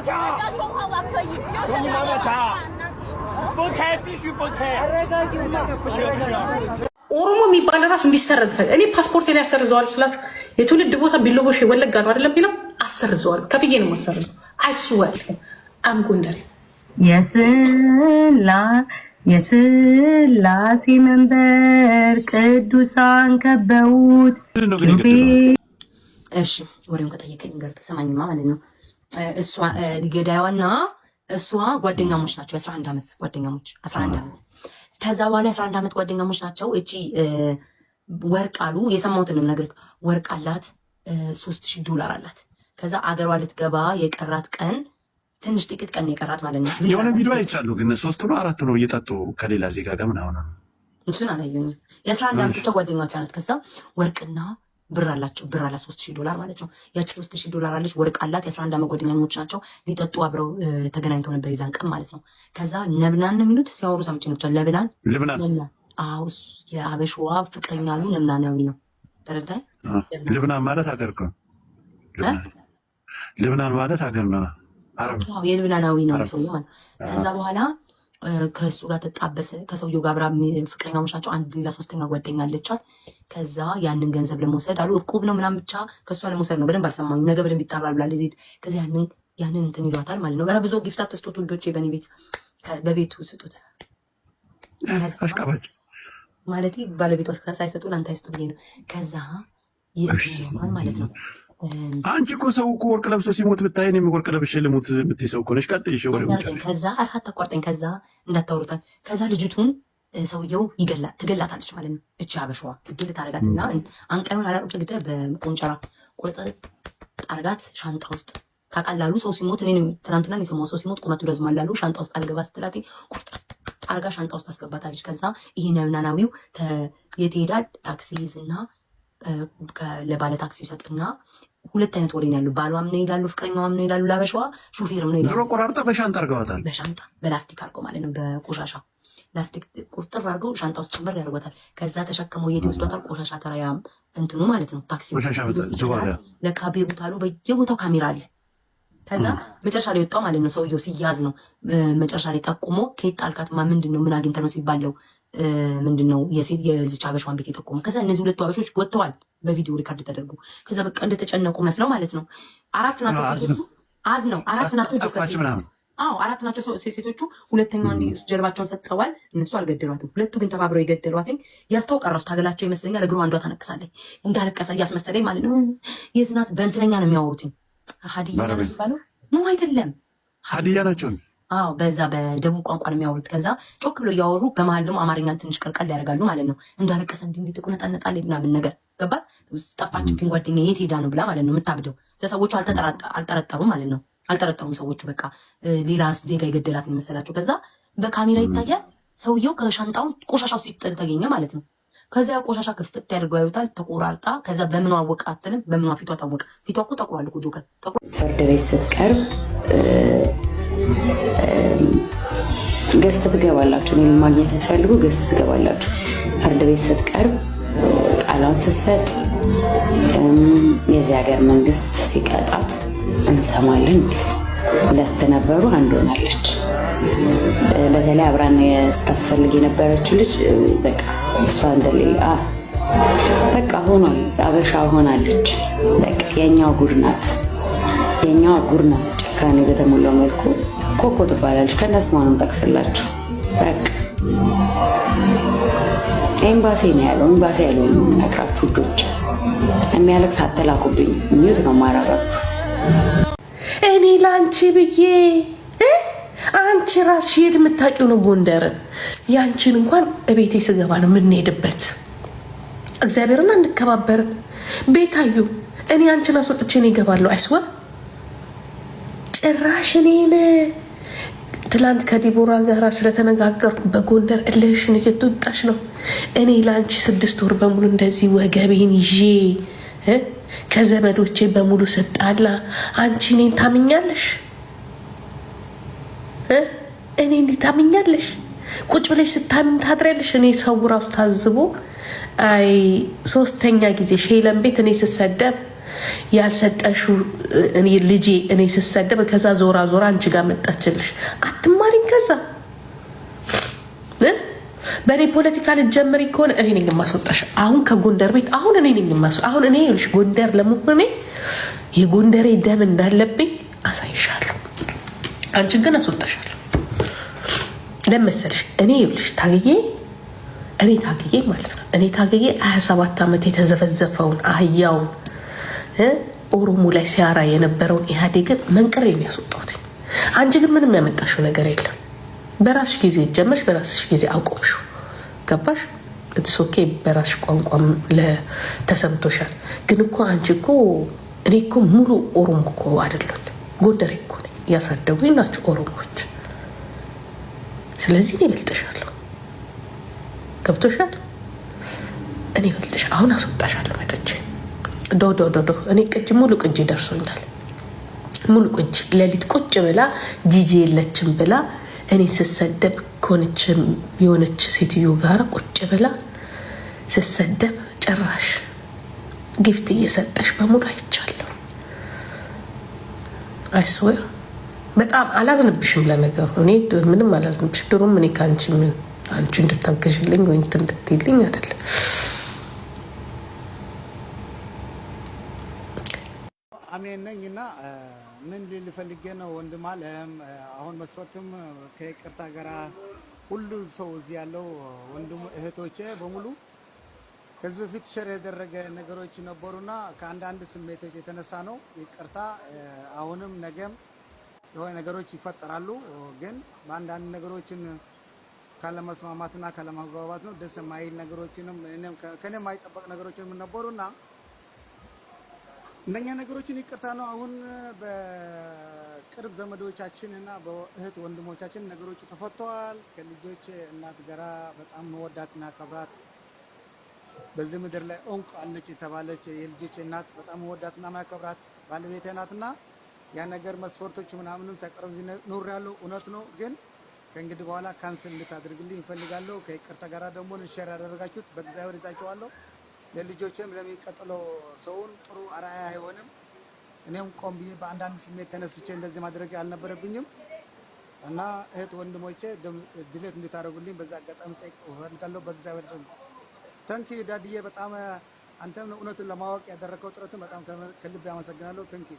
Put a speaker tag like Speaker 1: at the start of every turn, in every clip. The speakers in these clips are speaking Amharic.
Speaker 1: 妈掐！说你妈妈掐！分开，必须分开！不行不行！ኦሮሞ የሚባል ራሱ እንዲሰረዝ ፈል እኔ ፓስፖርት ላይ ያሰርዘዋል ስላችሁ የትውልድ ቦታ ቢሎቦሽ ወለጋ ነው አይደለም የሚለው አሰርዘዋል። ከፍዬ ነው የማሰርዘው። አይስወል አም ጎንደር የስላ የስላሴ መንበር ቅዱሳን ከበውት። እሺ ወሬውን ከጠየቀኝ ጋር ተሰማኝማ ማለት ነው እሷ ገዳይዋና እሷ ጓደኛሞች ናቸው። የአስራ አንድ ዓመት ጓደኛሞች አስራ አንድ ዓመት ከዛ በኋላ የአስራ አንድ ዓመት ጓደኛሞች ናቸው። እቺ ወርቅ አሉ የሰማሁትን ነው የምነግርህ። ወርቅ አላት ሶስት ሺህ ዶላር አላት። ከዛ አገሯ ልትገባ የቀራት ቀን ትንሽ ጥቂት ቀን የቀራት ማለት
Speaker 2: ነው። የሆነ ቪዲዮ አይቻሉ ግን ሶስት ነው አራት ነው እየጠጡ ከሌላ ዜጋ ጋር ምናምን
Speaker 1: እሱን አላየኝም። የአስራ አንድ ዓመት ብቻ ጓደኛቸው ናት። ከዛ ወርቅና ብር አላቸው። ብር አላት ሶስት ሺህ ዶላር ማለት ነው። ያቺ ሶስት ሺህ ዶላር አለች። ወርቅ አላት። የአስራ አንድ ዓመት ጓደኛሞች ናቸው። ሊጠጡ አብረው ተገናኝተው ነበር የዛን ቀን ማለት ነው። ከዛ ለብናን ነው የሚሉት ሲያወሩ ሰምቼ ነው ብቻ ለብናን ለብናን። አዎ የአበሻዋ ፍቅረኛ አሉ። ለብናናዊ ነው ተረዳኝ።
Speaker 2: ልብናን ማለት አገር ነው። ልብናን ማለት አገር ነው።
Speaker 1: የልብናናዊ ነው ሰው ማለት ከዛ በኋላ ከእሱ ጋር ተጣበሰ። ከሰውየው ጋር አብራ ፍቅረኛሞች ናቸው። አንድ ሌላ ሶስተኛ ጓደኛ አለቻት። ከዛ ያንን ገንዘብ ለመውሰድ አሉ እቁብ ነው ምናምን ብቻ ከእሷ ለመውሰድ ነው። በደንብ አልሰማኝም። ነገ በደንብ ይጣራል ብላ ዜድ ከዚ ያንን ያንን እንትን ይሏታል ማለት ነው። ኧረ ብዙ ጊፍት አትስጡት ውዶቼ፣ በእኔ ቤት በቤቱ ስጡት ማለት ባለቤቷ ሳይሰጡ ለአንተ አይስጡ ብዬ ነው። ከዛ
Speaker 2: ይል ማለት ነው አንቺ እኮ ሰው እኮ ወርቅ ለብሶ ሲሞት ብታይ፣ እኔም ወርቅ ለብሼ ልሙት የምትይ ሰው እኮ ነሽ። ቀጥይ።
Speaker 1: ከዛ አራት አቋርጠኝ። ከዛ እንዳታወሩታል። ከዛ ልጅቱን ሰውየው ይገላ ትገላታለች ማለት ነው። እቺ አበሻዋ ትግል ታደርጋትና አንቃዩን አላቁጭ ግደ በቆንጨራ ቁርጥጥ አርጋት ሻንጣ ውስጥ ታቃላሉ። ሰው ሲሞት እኔ ትናንትና የሰማው ሰው ሲሞት ቁመቱ ረዝማላሉ። ሻንጣ ውስጥ አልገባ ስትላት ቁርጥ አርጋ ሻንጣ ውስጥ አስገባታለች። ከዛ ይሄ ነብናናዊው የት ሄዳል? ታክሲ ይዝና ለባለ ታክሲ ይሰጥና ሁለት አይነት ወሬ ያሉ። ባሏም ነው ይላሉ፣ ፍቅረኛዋም ነው ይላሉ፣ ላበሻዋ ሹፌርም ነው ይላሉ። ዞሮ
Speaker 2: ቆራርጣ በሻንጣ አርገዋታል።
Speaker 1: በሻንጣ በላስቲክ አርገው ማለት ነው፣ በቆሻሻ ላስቲክ ቁርጥር አርገው ሻንጣ ውስጥ ጭምር ያደርጓታል። ከዛ ተሸክመው የት ይወስዷታል? ቆሻሻ ተራያም እንትኑ ማለት ነው ታክሲ ለካ ቤሩት አሉ። በየቦታው ካሜራ አለ። ከዛ መጨረሻ ላይ ወጣው ማለት ነው። ሰውየው ሲያዝ ነው መጨረሻ ላይ ጠቁሞ ከየት ጣልካትማ ምንድን ነው ምን አግኝተ ነው ሲባለው ምንድነው ነው የሴት የዚች አበሻዋን ቤት የጠቆሙ። ከዛ እነዚህ ሁለቱ አበሾች ወጥተዋል፣ በቪዲዮ ሪካርድ ተደርጎ። ከዛ በቃ እንደተጨነቁ መስለው ማለት ነው። አራት ናቸው ሴቶቹ፣ አዝ ነው አራት ናቸው አዎ አራት ናቸው ሴቶቹ። ሁለተኛዋ እንዲ ጀርባቸውን ሰጥተዋል። እነሱ አልገደሏትም። ሁለቱ ግን ተባብረው የገደሏትኝ ያስታውቃል። ራሱ ታገላቸው ይመስለኛል። እግሯ አንዷ ታነቅሳለች፣ እንዳለቀሰ እያስመሰለኝ ማለት ነው። የት ናት? በእንትነኛ ነው የሚያወሩትኝ። ሀዲያ ነው የሚባለው ነው አይደለም? ሀዲያ ናቸው አዎ በዛ በደቡብ ቋንቋ ነው የሚያወሩት። ከዛ ጮክ ብሎ እያወሩ በመሀል ደግሞ አማርኛን ትንሽ ቀልቀል ያደርጋሉ ማለት ነው። እንዳለቀሰ እንዲ እንዲ ትቁነጠነጣል ምናምን ነገር ገባ። ጠፋችብኝ ጓደኛ የት ሄዳ ነው ብላ ማለት ነው የምታብደው። ሰዎቹ አልጠረጠሩ ማለት ነው። አልጠረጠሩም ሰዎቹ። በቃ ሌላ ዜጋ የገደላት የመሰላቸው። ከዛ በካሜራ ይታያል። ሰውየው ከሻንጣው ቆሻሻው ሲጥል ተገኘ ማለት ነው። ከዚያ ቆሻሻ ክፍት ያደርገው ያዩታል። ተቆራርጣ ከዛ በምን አወቀ አትልም። በምን ፊቷ ታወቀ። ፊቷ እኮ ጠቁሯል እኮ ጆከር።
Speaker 3: ፍርድ ቤት ስትቀርብ ገዝተ ትገባላችሁ። እኔን ማግኘት የምትፈልጉ ገዝተ ትገባላችሁ። ፍርድ ቤት ስትቀርብ ቃሏን ስትሰጥ የዚህ ሀገር መንግስት ሲቀጣት እንሰማለን። ሁለት ነበሩ፣ አንድ ሆናለች። በተለይ አብራን ስታስፈልግ የነበረችው ልጅ በቃ እሷ እንደሌለ በቃ ሆኗል። አበሻ ሆናለች። በቃ የእኛው ጉድናት ናት፣ ጉድናት ጭካኔ በተሞላው መልኩ ኮኮ ትባላለች። ከነስ ስሟንም ጠቅስላችሁ በቃ ኤምባሲ ነው ያለው። ኤምባሲ ያለው ነው የሚያቅራችሁ ውዶች። የሚያለቅስ አተላኩብኝ ሚዩት ነው ማራራችሁ።
Speaker 1: እኔ ለአንቺ ብዬ አንቺ ራስ የት የምታውቂው ነው ጎንደርን? ያንቺን እንኳን እቤቴ ስገባ ነው የምንሄድበት። እግዚአብሔርና አንከባበርም። ቤታዩ እኔ አንቺን አስወጥቼ ነው ይገባለሁ። አይስዋ ጭራሽ እኔን ትላንት ከዲቦራ ጋር ስለተነጋገርኩ በጎንደር እልህሽን እየተወጣሽ ነው። እኔ ለአንቺ ስድስት ወር በሙሉ እንደዚህ ወገቤን ይዤ ከዘመዶቼ በሙሉ ስጣላ አንቺ እኔን ታምኛለሽ? እኔ እንዲህ ታምኛለሽ? ቁጭ ብለሽ ስታምን ታድሪያለሽ። እኔ ሰው ራሱ ታዝቦ አይ ሶስተኛ ጊዜ ሼለን ቤት እኔ ስሰደብ ያልሰጠሹ እኔ ልጄ እኔ ስሰደብ ከዛ ዞራ ዞራ አንቺ ጋር መጣችልሽ። አትማሪም። ከዛ በእኔ ፖለቲካ ልትጀምሪ ከሆነ እኔ ነኝ የማስወጣሽ። አሁን ከጎንደር ቤት አሁን እኔ ነኝ የማስ አሁን እኔ ይኸውልሽ ጎንደር ለመሆኔ የጎንደሬ ደም እንዳለብኝ አሳይሻለሁ። አንቺ ግን አስወጣሻለሁ። ለመሰልሽ እኔ ይኸውልሽ ታግዬ እኔ ታግዬ ማለት ነው እኔ ታግዬ 27 ዓመት የተዘፈዘፈውን አህያውን ኦሮሞ ላይ ሲያራ የነበረውን ኢህአዴግን መንቅሬ ነው ያስወጣሁት። አንቺ ግን ምንም ያመጣሽው ነገር የለም። በራስሽ ጊዜ ጀመርሽ፣ በራስሽ ጊዜ አቆምሽው። ገባሽ? ሶኬ በራስሽ ቋንቋ ተሰምቶሻል። ግን እኮ አንቺ እኮ እኔ እኮ ሙሉ ኦሮሞ እኮ አይደለም ጎንደሬ እኮ ነኝ። ያሳደጉኝ ናቸው ኦሮሞዎች። ስለዚህ እኔ እበልጥሻለሁ። ገብቶሻል? እኔ እበልጥሻለሁ። አሁን አስወጣሻለሁ መጥቼ ዶዶዶዶ እኔ ቅጅ ሙሉ ቅጅ ደርሶኛል። ሙሉ ቅጅ ሌሊት ቁጭ ብላ ጂጂ የለችም ብላ እኔ ስሰደብ ከሆነች የሆነች ሴትዮ ጋር ቁጭ ብላ ስሰደብ ጭራሽ ጊፍት እየሰጠሽ በሙሉ አይቻለሁ። አይስዌር በጣም አላዝንብሽም። ለነገሩ እኔ ምንም አላዝንብሽ። ድሮም እኔ ከአንቺ ምን አንቺ እንድታገዥልኝ ወይ እንትን እንድትይልኝ አይደለም
Speaker 4: አምኔን ነኝ እና ምን ልል ፈልጌ ነው ወንድም አለም አሁን መስፈርትም ከይቅርታ ጋራ ሁሉ ሰው እዚህ ያለው ወንድም እህቶቼ በሙሉ ከዚህ በፊት ሸር ያደረገ ነገሮች ነበሩና ከአንዳንድ ስሜቶች የተነሳ ነው። ይቅርታ አሁንም ነገም የሆነ ነገሮች ይፈጠራሉ፣ ግን በአንዳንድ ነገሮችን ካለመስማማትና ካለማግባባት ነው። ደስ የማይል ነገሮችንም ከኔ የማይጠበቅ ነገሮችንም ነበሩና እነኛ ነገሮችን ይቅርታ ነው። አሁን በቅርብ ዘመዶቻችን እና በእህት ወንድሞቻችን ነገሮቹ ተፈተዋል። ከልጆች እናት ጋራ በጣም መወዳት እና ከብራት በዚህ ምድር ላይ እንቁ አለች የተባለች የልጆች እናት በጣም መወዳትና ማከብራት ባለቤት እና ያ ነገር መስፈርቶች ምናምንም ሳይቀርብ ኑር ያለው እውነት ነው። ግን ከእንግዲህ በኋላ ካንስል እንድታደርግልኝ ይፈልጋለሁ። ከይቅርታ ጋራ ደግሞ ንሸር ያደረጋችሁት በእግዚአብሔር ይዛችኋለሁ። ለልጆችም ለሚቀጥለው ሰውን ጥሩ አርአያ አይሆንም። እኔም ቆም ብዬ በአንዳንድ ስሜት ተነስቼ እንደዚህ ማድረግ አልነበረብኝም እና እህት ወንድሞቼ ድሌት እንድታደርጉልኝ በዛ አጋጣሚ ጠይቅ በእግዚአብሔር ስም ተንኪ ዳድዬ፣ በጣም አንተም እውነቱን ለማወቅ ያደረገው ጥረትን በጣም ከልብ ያመሰግናለሁ። ተንኪ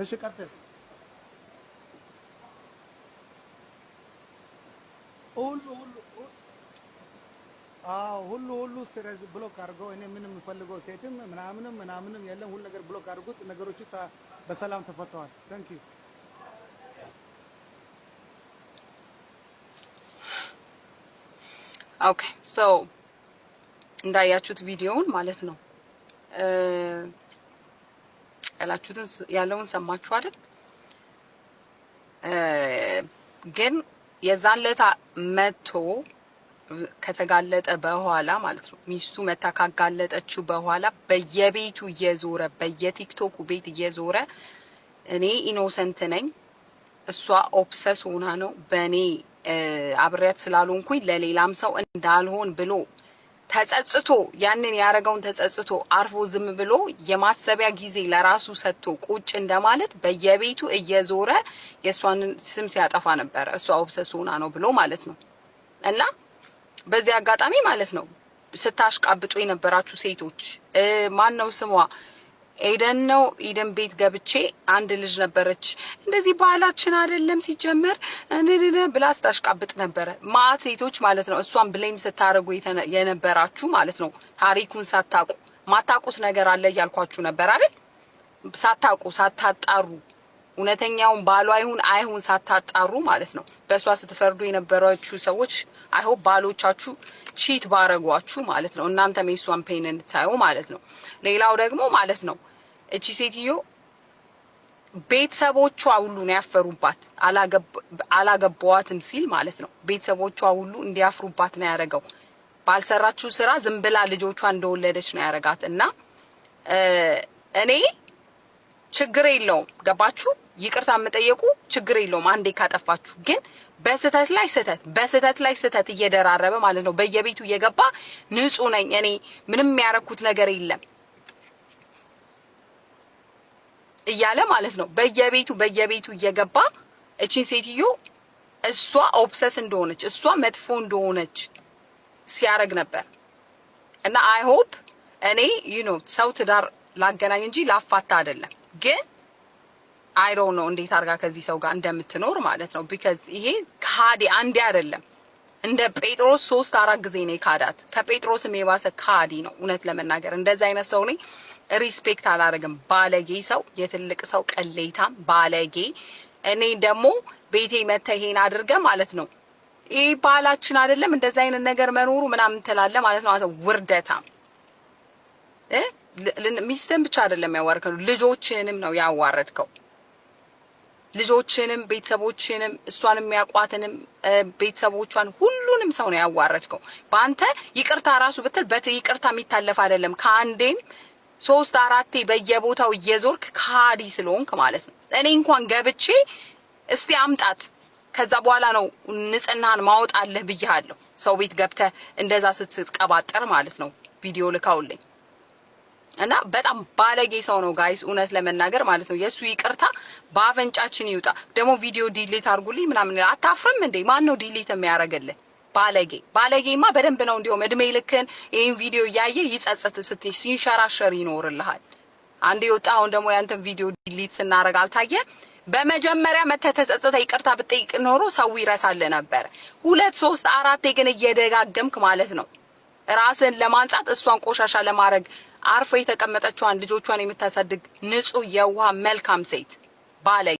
Speaker 4: እሺ ቀርጽ ሁሉ ሁሉ አዎ ሁሉ ሁሉ ስለዚህ ብሎክ አድርገው። እኔ ምን የምፈልገው ሴትም ምናምንም ምናምንም የለም። ሁሉ ነገር ብሎክ አድርጉት። ነገሮቹ በሰላም ተፈተዋል። ታንክ ዩ
Speaker 1: ኦኬ ሶ እንዳያችሁት ቪዲዮውን ማለት ነው ያላችሁትን ያለውን ሰማችሁ አይደል? ግን የዛን ለታ መቶ ከተጋለጠ በኋላ ማለት ነው ሚስቱ መታ ካጋለጠችው በኋላ በየቤቱ እየዞረ በየቲክቶኩ ቤት እየዞረ እኔ ኢኖሰንት ነኝ፣ እሷ ኦብሰስ ሆና ነው በእኔ አብሬያት ስላልሆንኩኝ ለሌላም ሰው እንዳልሆን ብሎ ተጸጽቶ ያንን ያደረገውን ተጸጽቶ አርፎ ዝም ብሎ የማሰቢያ ጊዜ ለራሱ ሰጥቶ ቁጭ እንደማለት በየቤቱ እየዞረ የእሷን ስም ሲያጠፋ ነበረ። እሷ ኦብሰስ ሆና ነው ብሎ ማለት ነው። እና በዚህ አጋጣሚ ማለት ነው ስታሽቃብጡ የነበራችሁ ሴቶች ማን ነው ስሟ ኤደን ነው። ኤደን ቤት ገብቼ አንድ ልጅ ነበረች እንደዚህ ባህላችን አይደለም ሲጀመር እንድን ብላ ስታሽቃብጥ ነበረ። ማት ሴቶች ማለት ነው እሷን ብሌም ስታደርጉ የነበራችሁ ማለት ነው። ታሪኩን ሳታቁ ማታቁት ነገር አለ እያልኳችሁ ነበር አይደል? ሳታቁ ሳታጣሩ እውነተኛውን ባሏ ይሁን አይሁን ሳታጣሩ ማለት ነው። በእሷ ስትፈርዱ የነበራችሁ ሰዎች አይሆ ባሎቻችሁ ቺት ባረጓችሁ ማለት ነው። እናንተም የእሷን ፔን እንድታዩ ማለት ነው። ሌላው ደግሞ ማለት ነው እቺ ሴትዮ ቤተሰቦቿ ሁሉ ነው ያፈሩባት። አላገባዋትም ሲል ማለት ነው ቤተሰቦቿ ሁሉ እንዲያፍሩባት ነው ያደረገው። ባልሰራችሁ ስራ ዝም ብላ ልጆቿ እንደወለደች ነው ያደረጋት እና እኔ ችግር የለውም። ገባችሁ? ይቅርታ የምጠየቁ ችግር የለውም። አንዴ ካጠፋችሁ ግን በስህተት ላይ ስህተት በስህተት ላይ ስህተት እየደራረበ ማለት ነው። በየቤቱ እየገባ ንጹህ ነኝ እኔ ምንም ያረኩት ነገር የለም እያለ ማለት ነው። በየቤቱ በየቤቱ እየገባ እቺን ሴትዮ እሷ ኦብሰስ እንደሆነች እሷ መጥፎ እንደሆነች ሲያደረግ ነበር እና አይ ሆፕ እኔ ዩ ኖ ሰው ትዳር ላገናኝ እንጂ ላፋታ አይደለም። ግን አይሮ ነው እንዴት አድርጋ ከዚህ ሰው ጋር እንደምትኖር ማለት ነው። ቢካዝ ይሄ ካዲ አንዴ አይደለም እንደ ጴጥሮስ ሶስት አራት ጊዜ ነው ካዳት። ከጴጥሮስም የባሰ ካዲ ነው እውነት ለመናገር እንደዚ አይነት ሰው እኔ ሪስፔክት አላደርግም። ባለጌ ሰው፣ የትልቅ ሰው ቅሌታም ባለጌ። እኔ ደግሞ ቤቴ መተ ይሄን አድርገ ማለት ነው ይህ ባህላችን አይደለም እንደዚ አይነት ነገር መኖሩ ምናምን ትላለህ ማለት ነው። ውርደታም ሚስትህን ብቻ አይደለም ያዋረድከው፣ ልጆችንም ነው ያዋረድከው። ልጆችንም ቤተሰቦችንም እሷን የሚያውቋትንም ቤተሰቦቿን ሁሉንም ሰው ነው ያዋረድከው። በአንተ ይቅርታ ራሱ ብትል በይቅርታ የሚታለፍ አይደለም። ከአንዴም ሶስት አራቴ በየቦታው እየዞርክ ከሃዲ ስለሆንክ ማለት ነው። እኔ እንኳን ገብቼ እስቲ አምጣት ከዛ በኋላ ነው ንጽህናን ማወጣለህ ብያለሁ። ሰው ቤት ገብተህ እንደዛ ስትቀባጠር ማለት ነው ቪዲዮ ልካውልኝ እና በጣም ባለጌ ሰው ነው ጋይስ፣ እውነት ለመናገር ማለት ነው። የእሱ ይቅርታ በአፈንጫችን ይውጣ። ደግሞ ቪዲዮ ዲሌት አድርጉልኝ ምናምን አታፍርም እንዴ? ማን ነው ዲሌት የሚያደርግልን? ባለጌ ባለጌማ በደንብ ነው እንዲሁም እድሜ ልክን ይህን ቪዲዮ እያየ ይጸጸት ስት ሲንሸራሸር ይኖርልሃል። አንድ የወጣ አሁን ደግሞ ያንተን ቪዲዮ ዲሊት ስናደርግ አልታየ በመጀመሪያ መተህ ተጸጸተ ይቅርታ ብጠይቅ ኖሮ ሰው ይረሳል ነበር። ሁለት ሶስት አራቴ ግን እየደጋገምክ ማለት ነው ራስን ለማንጻት እሷን ቆሻሻ ለማድረግ አርፎ የተቀመጠችዋን ልጆቿን የምታሳድግ ንጹህ የውሃ መልካም ሴት ባለ